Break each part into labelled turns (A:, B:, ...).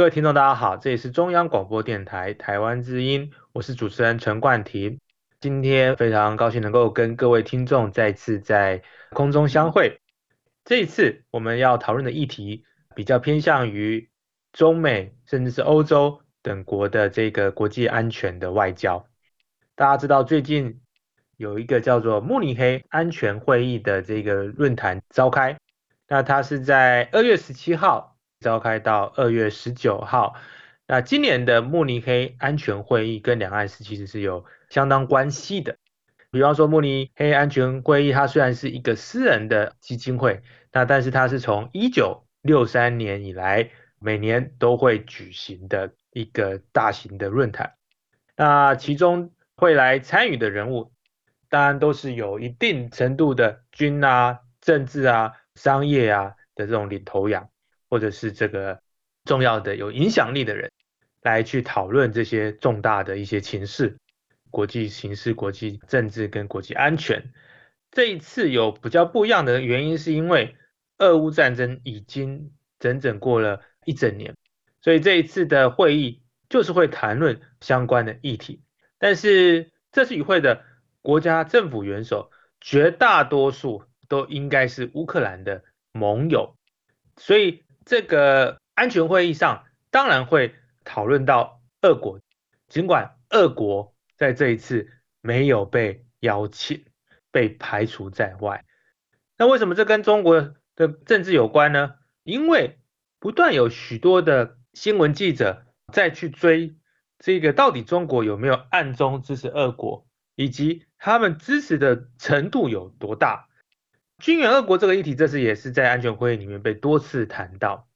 A: 各位聽眾，大家好，這裡是中央廣播電台台灣之音，我是主持人陳冠廷。今天非常高興能夠跟各位聽眾再次在空中相會。這一次我們要討論的議題比較偏向於中美，甚至是歐洲等國的這個國際安全的外交。大家知道最近有一個叫做慕尼黑安全會議的這個論壇召開，那它是在二月十七號。召開到二月十九號。那今年的慕尼黑安全會議跟兩岸事其實是有相當關係的。比方說，慕尼黑安全會議，它雖然是一個私人的基金會，那但是它是從一九六三年以來每年都會舉行的一個大型的論壇。那其中會來參與的人物，當然都是有一定程度的軍啊、政治啊、商業啊的這種領頭羊。或者是這個重要的、有影響力的人來去討論這些重大的一些情勢、國際形勢、國際政治跟國際安全。這一次有比較不一樣的原因，是因為俄烏戰爭已經整整過了一整年，所以這一次的會議就是會談論相關的議題。但是這次與會的國家政府元首絕大多數都應該是烏克蘭的盟友，所以。這個安全會議上當然會討論到俄國，儘管俄國在這一次沒有被邀請，被排除在外。那為什麼這跟中國的政治有關呢？因為不斷有許多的新聞記者再去追這個到底中國有沒有暗中支持俄國，以及他們支持的程度有多大。軍援俄國這個議題，這次也是在安全會議裡面被多次談到。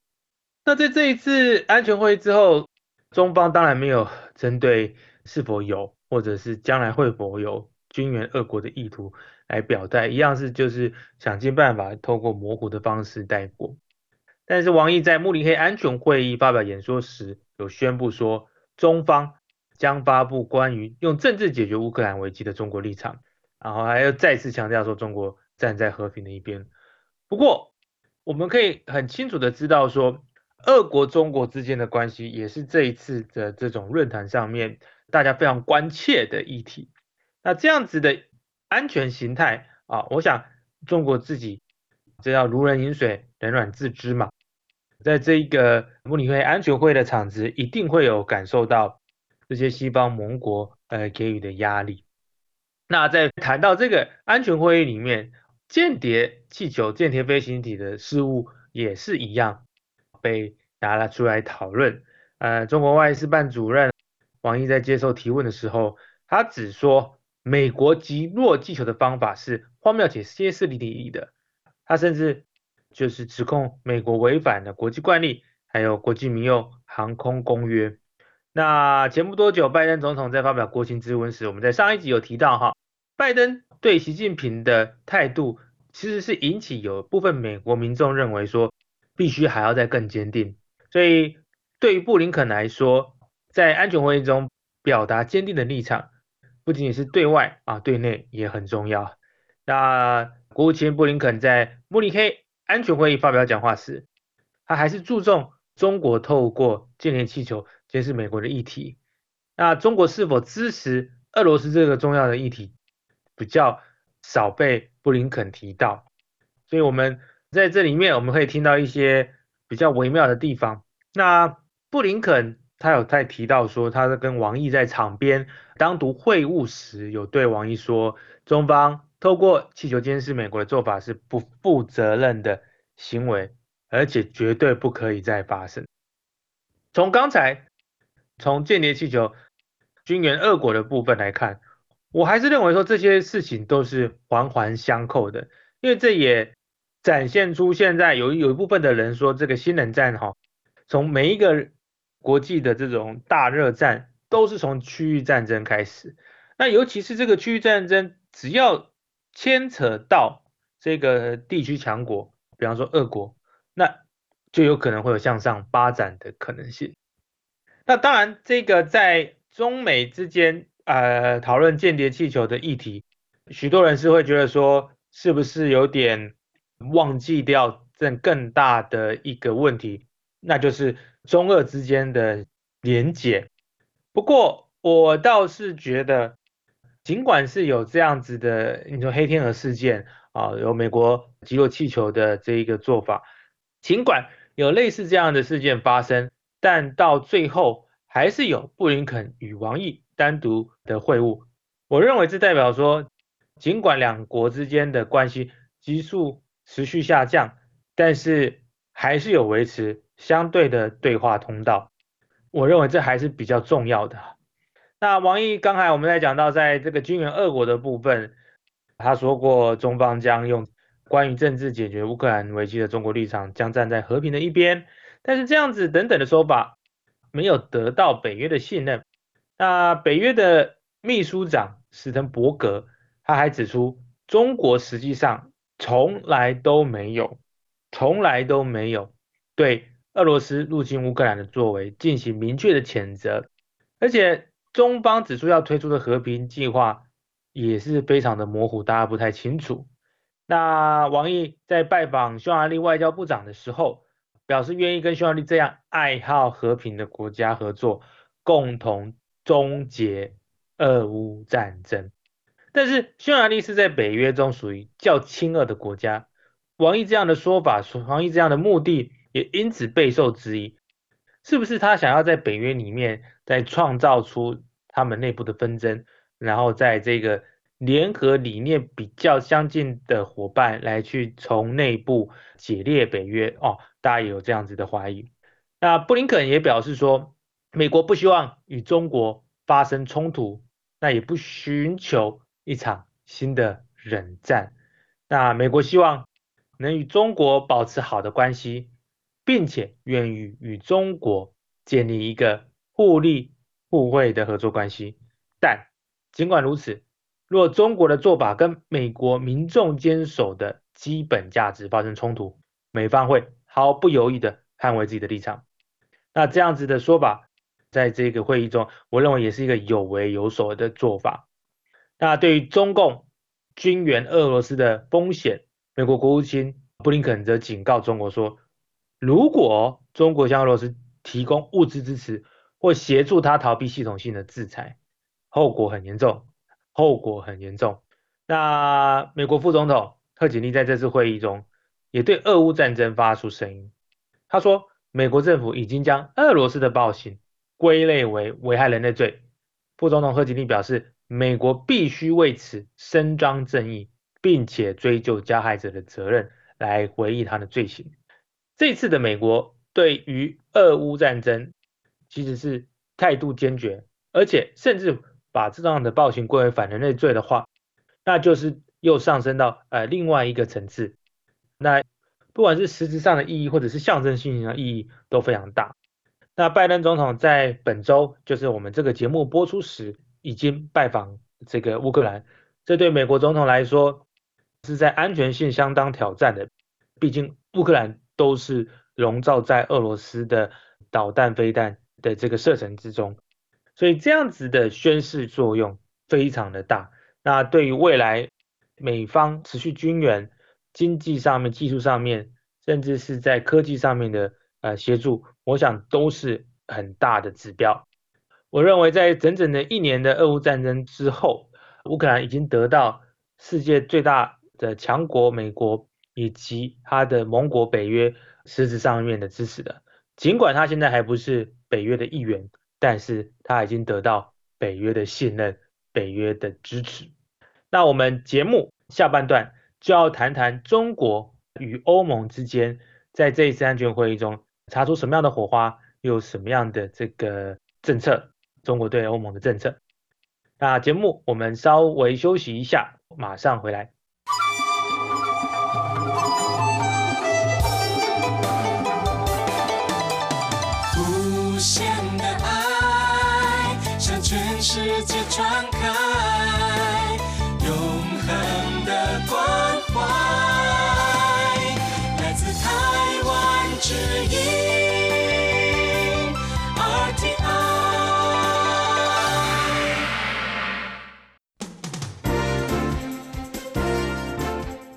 A: 那在這一次安全會議之後，中方當然沒有針對是否有或者是將來會否有軍援俄國的意圖來表態，一樣是就是想盡辦法透過模糊的方式帶過。但是王毅在慕尼黑安全會議發表演說時，有宣布說，中方將發布關於用政治解決烏克蘭危機的中國立場，然後還要再次強調說中國。站在和平的一邊。不過，我們可以很清楚的知道，說，俄國、中國之間的關係也是這一次的這種論壇上面大家非常關切的議題。那這樣子的安全形態啊，我想中國自己只要如人飲水，冷暖自知嘛。在這一個慕尼黑安全會的場子，一定會有感受到這些西方盟國呃給予的壓力。那在談到這個安全會議裡面。間諜氣球、間諜飛行體的事物也是一樣，被拿了出來討論。呃，中國外事辦主任王毅在接受提問的時候，他只說美國擊落氣球的方法是荒謬且歇斯底里的。他甚至就是指控美國違反了國際慣例，還有國際民用航空公約。那前不多久，拜登總統在發表國情諮文時，我們在上一集有提到哈，拜登對習近平的態度。其實是引起有部分美國民眾認為說，必須還要再更堅定。所以對於布林肯來說，在安全會議中表達堅定的立場，不僅僅是對外啊，對內也很重要。那國務卿布林肯在慕尼黑安全會議發表講話時，他還是注重中國透過間諜氣球監視美國的議題。那中國是否支持俄羅斯這個重要的議題，比較少被。布林肯提到，所以我們在這裡面，我們可以聽到一些比較微妙的地方。那布林肯他有在提到說，他在跟王毅在場邊單獨會晤時，有對王毅說，中方透過氣球監視美國的做法是不負責任的行為，而且絕對不可以再發生。從剛才從間諜氣球軍援俄國的部分來看。我還是認為說這些事情都是環環相扣的，因為這也展現出現在有有一部分的人說這個新冷戰哈，從每一個國際的這種大熱戰都是從區域戰爭開始，那尤其是這個區域戰爭只要牽扯到這個地區強國，比方說俄國，那就有可能會有向上發展的可能性。那當然這個在中美之間。呃，討論間諜氣球的議題，許多人是會覺得說，是不是有點忘記掉這更大的一個問題，那就是中俄之間的連結。不過，我倒是覺得，儘管是有這樣子的，你說黑天鵝事件啊，有美國擊落氣球的這一個做法，儘管有類似這樣的事件發生，但到最後還是有布林肯與王毅，單獨的會晤，我認為這代表說，儘管兩國之間的關係急速持續下降，但是還是有維持相對的對話通道。我認為這還是比較重要的。那王毅剛才我們在講到，在這個軍援俄國的部分，他說過中方將用關於政治解決烏克蘭危機的中國立場，將站在和平的一邊，但是這樣子等等的說法，沒有得到北約的信任。那北約的秘書長史滕伯格，他還指出，中國實際上從來都沒有，從來都沒有對俄羅斯入侵烏克蘭的作為進行明確的譴責，而且中方指出要推出的和平計劃也是非常的模糊，大家不太清楚。那王毅在拜訪匈牙利外交部長的時候，表示願意跟匈牙利這樣愛好和平的國家合作，共同。終結俄烏戰爭，但是匈牙利是在北約中屬於較親俄的國家，王毅這樣的說法，王毅這樣的目的也因此備受質疑，是不是他想要在北約裡面再創造出他們內部的紛爭，然後在這個聯合理念比較相近的夥伴來去從內部解裂北約？哦，大家也有這樣子的懷疑。那布林肯也表示說。美國不希望與中國發生衝突，那也不尋求一場新的冷戰。那美國希望能與中國保持好的關係，並且願意與中國建立一個互利互惠的合作關係。但儘管如此，若中國的做法跟美國民眾堅守的基本價值發生衝突，美方會毫不猶豫地捍衛自己的立場。那這樣子的說法，在這個會議中，我認為也是一個有為有所為的做法。那對於中共軍援俄羅斯的風險，美國國務卿布林肯則警告中國說，如果中國向俄羅斯提供物資支持或協助他逃避系統性的制裁，後果很嚴重，後果很嚴重。那美國副總統賀錦麗在這次會議中也對俄烏戰爭發出聲音，他說，美國政府已經將俄羅斯的暴行。歸類為危害人類罪。副總統賀錦麗表示，美國必須為此伸張正義，並且追究加害者的責任，來回憶他的罪行。這次的美國對於俄烏戰爭其實是態度堅決，而且甚至把這樣的暴行歸為反人類罪的話，那就是又上升到呃另外一個層次。那不管是實質上的意義，或者是象徵性上的意義都非常大。那拜登總統在本周，就是我們這個節目播出時，已經拜訪這個烏克蘭。這對美國總統來說是在安全性相當挑戰的，畢竟烏克蘭都是籠罩在俄羅斯的導彈飛彈的這個射程之中，所以這樣子的宣誓作用非常的大。那對於未來美方持續軍援、經濟上面、技術上面，甚至是在科技上面的呃協助。我想都是很大的指標。我認為在整整的一年的俄烏戰爭之後，烏克蘭已經得到世界最大的強國美國以及它的盟國北約實質上面的支持的。儘管他現在還不是北約的一員，但是他已經得到北約的信任、北約的支持。那我們節目下半段就要談談中國與歐盟之間在這一次安全會議中。擦出什麼樣的火花，又什麼樣的這個政策，中國對歐盟的政策。那節目我們稍微休息一下，馬上回來。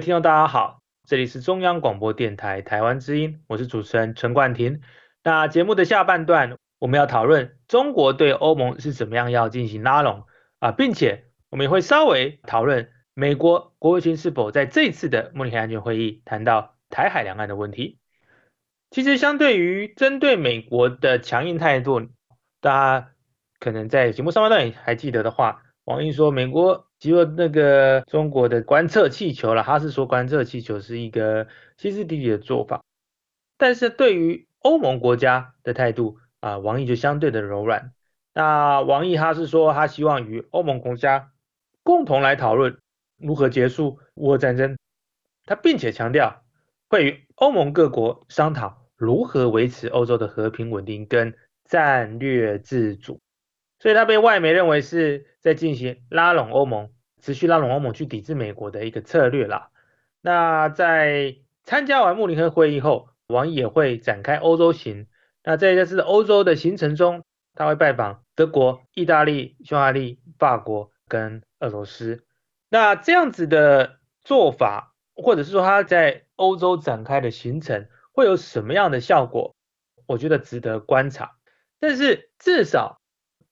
A: 聽眾大家好，這裡是中央廣播電台台灣之音，我是主持人陳冠廷。那節目的下半段，我們要討論中國對歐盟是怎麼樣要進行拉攏啊，並且我們也會稍微討論美國國務卿是否在這次的慕尼黑安全會議談到台海兩岸的問題。其實相對於針對美國的強硬態度，大家可能在節目上半段還記得的話。王毅說：“美國只有那個中國的觀測氣球了，他是說觀測氣球是一個歇斯底里的做法。但是對於歐盟國家的態度啊，王毅就相對的柔軟。那王毅他是說，他希望與歐盟國家共同來討論如何結束烏俄戰爭。他並且強調會與歐盟各國商討如何維持歐洲的和平穩定跟戰略自主。所以他被外媒認為是。”在進行拉攏歐盟，持續拉攏歐盟去抵制美國的一個策略啦。那在參加完慕尼黑會議後，王毅也會展開歐洲行。那在這是歐洲的行程中，他會拜訪德國、意大利、匈牙利、法國跟俄羅斯。那這樣子的做法，或者是說他在歐洲展開的行程，會有什麼樣的效果？我覺得值得觀察。但是至少。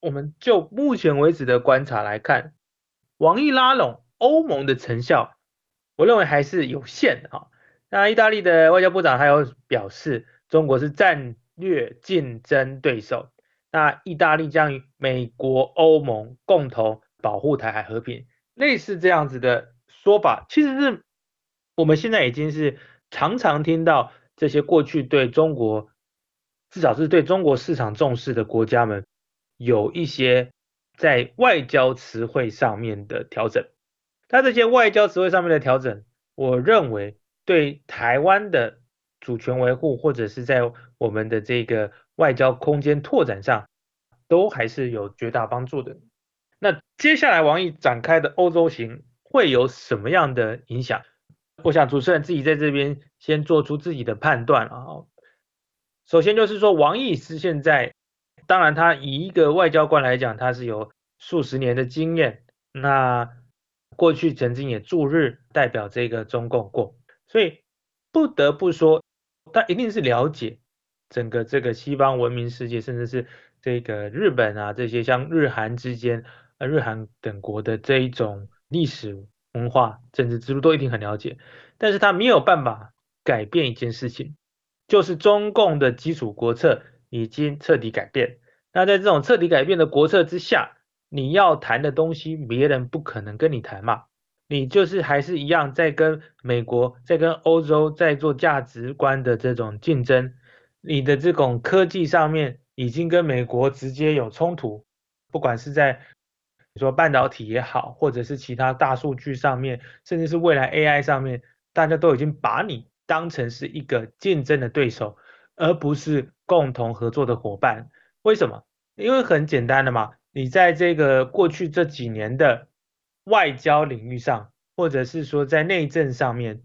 A: 我們就目前為止的觀察來看，王毅拉攏歐盟的成效，我認為還是有限的啊、哦。那意大利的外交部長他又表示，中國是戰略競爭對手。那意大利將與美國、歐盟共同保護台海和平，類似這樣子的說法，其實是我們現在已經是常常聽到這些過去對中國，至少是對中國市場重視的國家們。有一些在外交詞彙上面的調整，他這些外交詞彙上面的調整，我認為對台灣的主權維護或者是在我們的這個外交空間拓展上，都還是有絕大幫助的。那接下來王毅展開的歐洲行會有什麼樣的影響？我想主持人自己在這邊先做出自己的判斷啊。首先就是說王毅是現在。當然，他以一個外交官來講，他是有數十年的經驗。那過去曾經也駐日，代表這個中共過，所以不得不說，他一定是了解整個這個西方文明世界，甚至是這個日本啊，這些像日韓之間、呃日韓等國的這一種歷史文化、政治制度，都一定很了解。但是他沒有辦法改變一件事情，就是中共的基礎國策，已經徹底改變。那在這種徹底改變的國策之下，你要談的東西，別人不可能跟你談嘛。你就是還是一樣在跟美國、在跟歐洲在做價值觀的這種競爭。你的這種科技上面已經跟美國直接有衝突，不管是在比如說半導體也好，或者是其他大數據上面，甚至是未來 AI 上面，大家都已經把你當成是一個競爭的對手。而不是共同合作的夥伴，為什麼？因為很簡單的嘛，你在這個過去這幾年的外交領域上，或者是說在內政上面，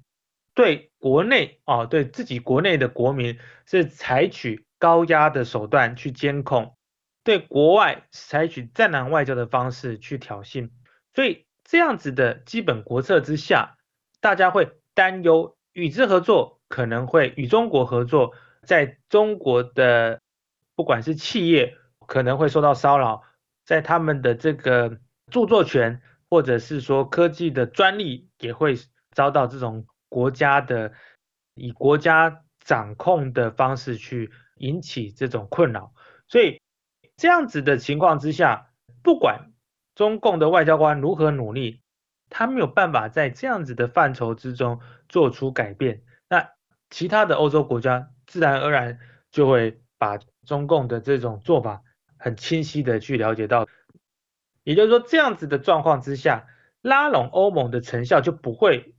A: 對國內啊、哦，對自己國內的國民是採取高壓的手段去監控，對國外採取戰狼外交的方式去挑釁，所以這樣子的基本國策之下，大家會擔憂與之合作可能會與中國合作。在中國的，不管是企業可能會受到騷擾，在他們的這個著作權或者是說科技的專利，也會遭到這種國家的以國家掌控的方式去引起這種困擾。所以這樣子的情況之下，不管中共的外交官如何努力，他沒有辦法在這樣子的範疇之中做出改變。那其他的歐洲國家，自然而然就會把中共的這種做法很清晰的去了解到，也就是說，這樣子的狀況之下，拉攏歐盟的成效就不會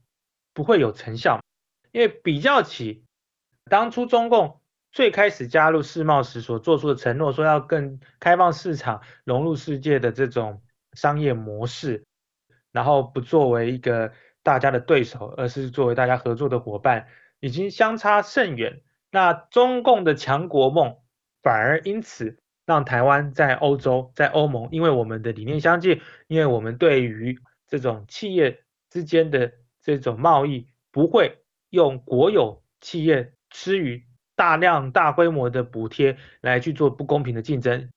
A: 不會有成效，因為比較起當初中共最開始加入世貿時所做出的承諾，說要更開放市場、融入世界的這種商業模式，然後不作為一個大家的對手，而是作為大家合作的夥伴，已經相差甚遠。那中共的強國夢，反而因此讓台灣在歐洲、在歐盟，因為我們的理念相近，因為我們對於這種企業之間的這種貿易，不會用國有企業施予大量大規模的補貼來去做不公平的競爭，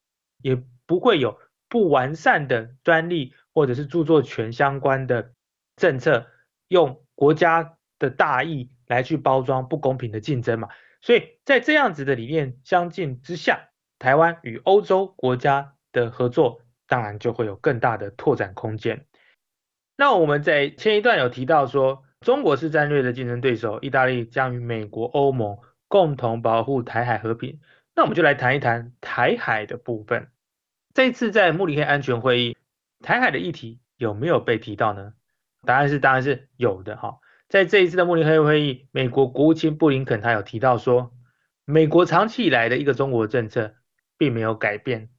A: 也不會有不完善的專利或者是著作權相關的政策，用國家的大義來去包裝不公平的競爭嘛。所以在這樣子的理念相近之下，台灣與歐洲國家的合作，當然就會有更大的拓展空間。那我們在前一段有提到說，中國是戰略的競爭對手，意大利將與美國、歐盟共同保護台海和平。那我們就來談一談台海的部分。這一次在慕尼黑安全會議，台海的議題有沒有被提到呢？答案是，當然是有的哈。在這一次的慕尼黑會議，美國國務卿布林肯他有提到說，美國長期以來的一個中國政策並沒有改變。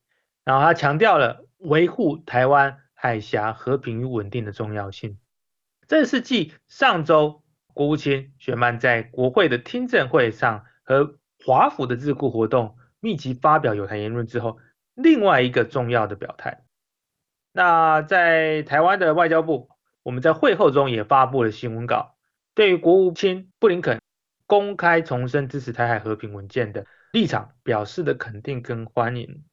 A: 然後他強調了維護台灣海峽和平與穩定的重要性。這是繼上周國務卿雪曼在國會的聽證會上和華府的智庫活動密集發表友台言論之後，另外一個重要的表態。那在台灣的外交部，我們在會後中也發布了新聞稿。對於國務卿布林肯公開重申支持台海和平文件的立場表示的肯定跟歡迎，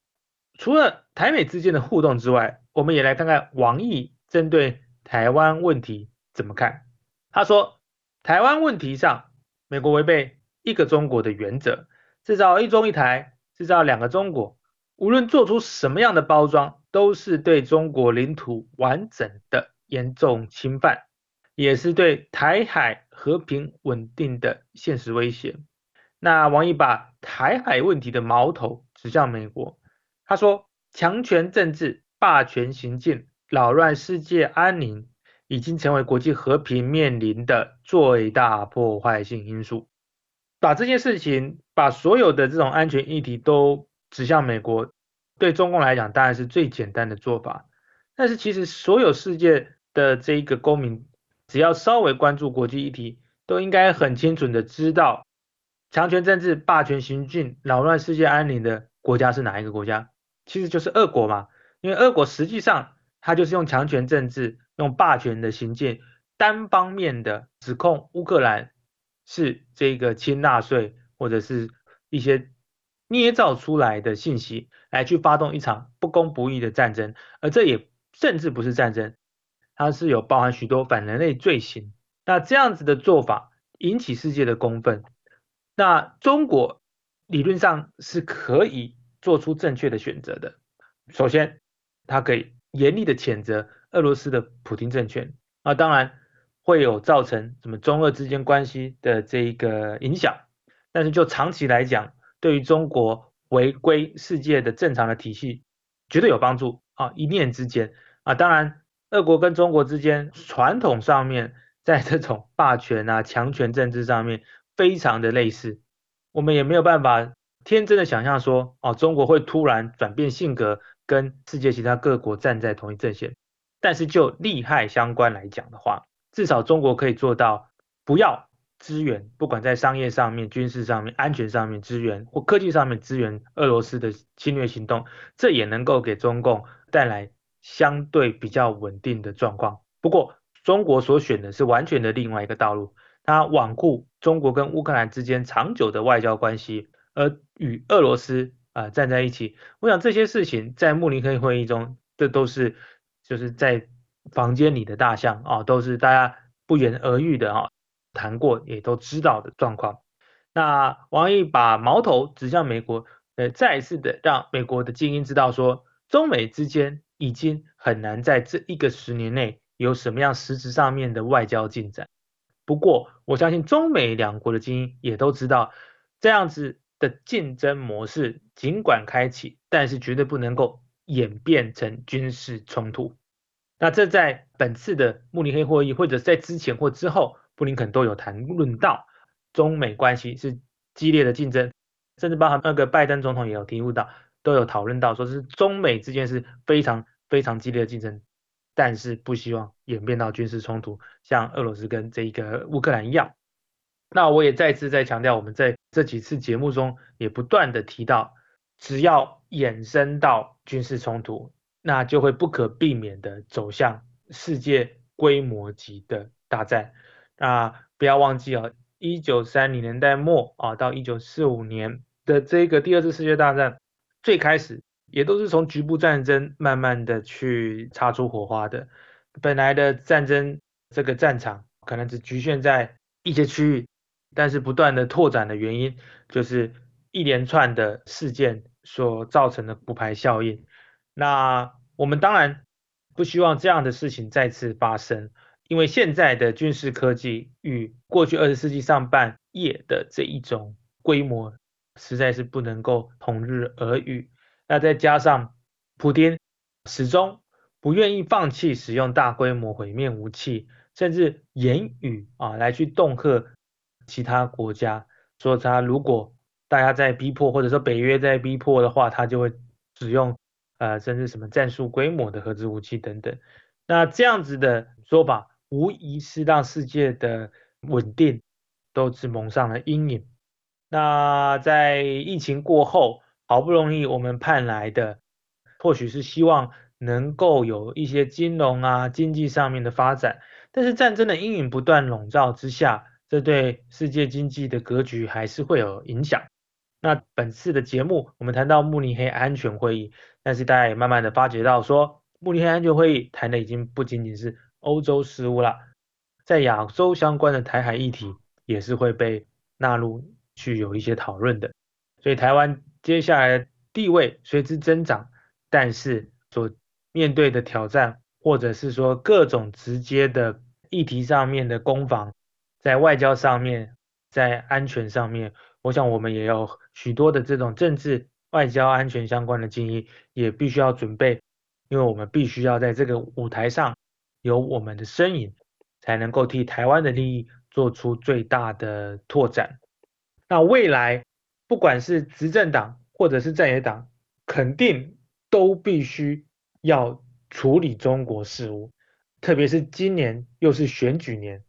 A: 除了台美之間的互動之外，我們也來看看王毅針對台灣問題怎麼看。他說，台灣問題上，美國違背一個中國的原則，製造一中一台，製造兩個中國，無論做出什麼樣的包裝，都是對中國領土完整的嚴重侵犯。也是對台海和平穩定的現實威脅。那王毅把台海問題的矛頭指向美國，他說：“強權政治、霸權行徑，擾亂世界安寧，已經成為國際和平面臨的最大破壞性因素。”把這件事情，把所有的這種安全議題都指向美國，對中共來講當然是最簡單的做法。但是其實所有世界的這一個公民。只要稍微關注國際議題，都應該很清楚的知道強權政治、霸權行徑、擾亂世界安寧的國家是哪一個國家，其實就是俄國嘛。因為俄國實際上它就是用強權政治、用霸權的行徑，單方面的指控烏克蘭是這個親納粹，或者是一些捏造出來的信息，來去發動一場不公不義的戰爭，而這也甚至不是戰爭。它是有包含許多反人類罪行，那這樣子的做法引起世界的公憤。那中國理論上是可以做出正確的選擇的。首先，它可以嚴厲的譴責俄羅斯的普丁政權，那當然會有造成什麼中俄之間關係的這一個影響。但是就長期來講，對於中國回歸世界的正常的體系絕對有幫助啊！一念之間啊，那當然。俄國跟中國之間，傳統上面，在這種霸權啊、強權政治上面，非常的類似。我們也沒有辦法天真的想象說，哦，中國會突然轉變性格，跟世界其他各國站在同一陣線。但是就利害相關來講的話，至少中國可以做到，不要支援，不管在商業上面、軍事上面、安全上面、支援或科技上面支援俄羅斯的侵略行動，這也能夠給中共帶來。相對比較穩定的狀況。不過，中國所選的是完全的另外一個道路，它罔顧中國跟烏克蘭之間長久的外交關係，而與俄羅斯啊、呃、站在一起。我想這些事情在慕尼黑會議中，這都是就是在房間裡的大象啊，都是大家不言而喻的啊，談過也都知道的狀況。那王毅把矛頭指向美國，呃，再一次的讓美國的精英知道說，中美之間。已經很難在這一個十年內有什麼樣實質上面的外交進展。不過，我相信中美兩國的精英也都知道，這樣子的競爭模式儘管開啟，但是絕對不能夠演變成軍事衝突。那這在本次的慕尼黑會議，或者在之前或之後，布林肯都有談論到中美關係是激烈的競爭，甚至包含那個拜登總統也有提到，都有討論到說是中美之間是非常。非常激烈的競爭，但是不希望演變到軍事衝突，像俄羅斯跟這一個烏克蘭一樣。那我也再次在強調，我們在這幾次節目中也不斷的提到，只要衍生到軍事衝突，那就會不可避免的走向世界規模級的大戰。那不要忘記哦，一九三零年代末啊到一九四五年的這個第二次世界大戰，最開始。也都是從局部戰爭慢慢的去擦出火花的，本來的戰爭這個戰場可能只局限在一些區域，但是不斷的拓展的原因就是一連串的事件所造成的骨牌效應。那我們當然不希望這樣的事情再次發生，因為現在的軍事科技與過去二十世紀上半葉的這一種規模實在是不能夠同日而語。那再加上，普丁始終不願意放棄使用大規模毀滅武器，甚至言語啊來去恫嚇其他國家，說他如果大家在逼迫，或者說北約在逼迫的話，他就會使用呃甚至什麼戰術規模的核子武器等等。那這樣子的說法，無疑是讓世界的穩定都是蒙上了陰影。那在疫情過後。好不容易我們盼來的，或許是希望能夠有一些金融啊、經濟上面的發展，但是戰爭的陰影不斷籠罩之下，這對世界經濟的格局還是會有影響。那本次的節目我們談到慕尼黑安全會議，但是大家也慢慢的發覺到，說慕尼黑安全會議談的已經不僅僅是歐洲事務了，在亞洲相關的台海議題也是會被納入去有一些討論的。所以台灣。接下來地位隨之增長，但是所面對的挑戰，或者是說各種直接的議題上面的攻防，在外交上面，在安全上面，我想我們也有許多的這種政治外交安全相關的建議，也必須要準備，因為我們必須要在這個舞台上有我們的身影，才能夠替台灣的利益做出最大的拓展。那未來。不管是執政黨或者是在野黨，肯定都必須要處理中國事務。特別是今年又是選舉年，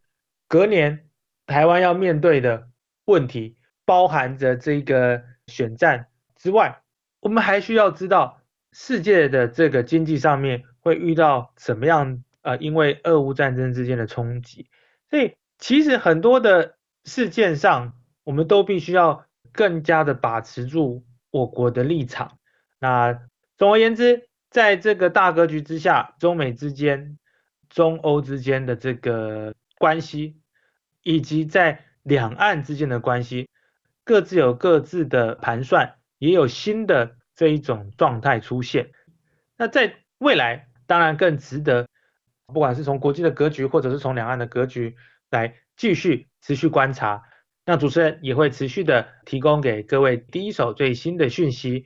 A: 隔年台灣要面對的問題，包含着這個選戰之外，我們還需要知道世界的這個經濟上面會遇到什麼樣啊。呃，因為俄烏戰爭之間的衝擊，所以其實很多的事件上，我們都必須要。更加的把持住我國的立場。那總而言之，在這個大格局之下，中美之間、中歐之間的這個關係，以及在兩岸之間的關係，各自有各自的盤算，也有新的這一種狀態出現。那在未來，當然更值得，不管是從國際的格局，或者是從兩岸的格局來繼續持續觀察。那主持人也會持續的提供給各位第一手最新的訊息。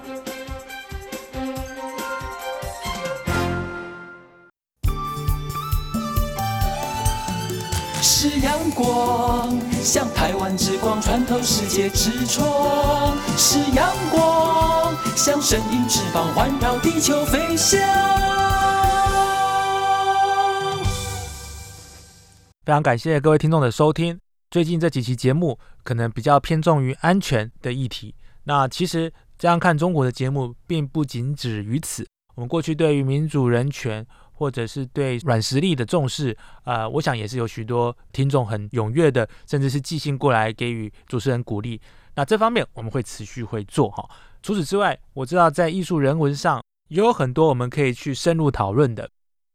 B: 光像台灣之光穿透世界之窗，是陽光像聲音翅膀環繞地球飛翔。
A: 非常感謝各位聽眾的收聽。最近這幾期節目可能比較偏重於安全的議題，那其實這樣看中國的節目並不僅止於此。我們過去對於民主、人權。或者是對軟實力的重視，呃，我想也是有許多聽眾很踴躍的，甚至是寄信過來給予主持人鼓勵。那這方面我們會持續會做哈。除此之外，我知道在藝術人文上也有很多我們可以去深入討論的。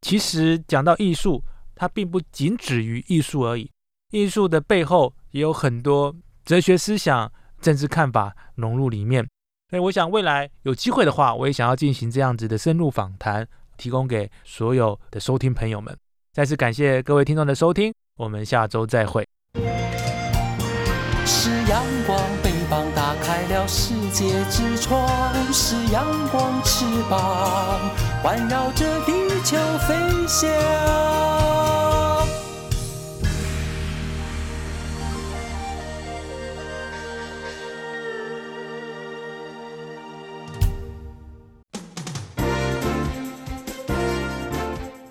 A: 其實講到藝術，它並不僅止於藝術而已，藝術的背後也有很多哲學思想、政治看法融入裡面。所以我想未來有機會的話，我也想要進行這樣子的深入訪談。提供給所有的收聽朋友們，再次感謝各位聽眾的收聽，我們下周再會。
B: 是陽光，翅膀打開了世界之窗，是陽光，翅膀環繞着地球飛翔。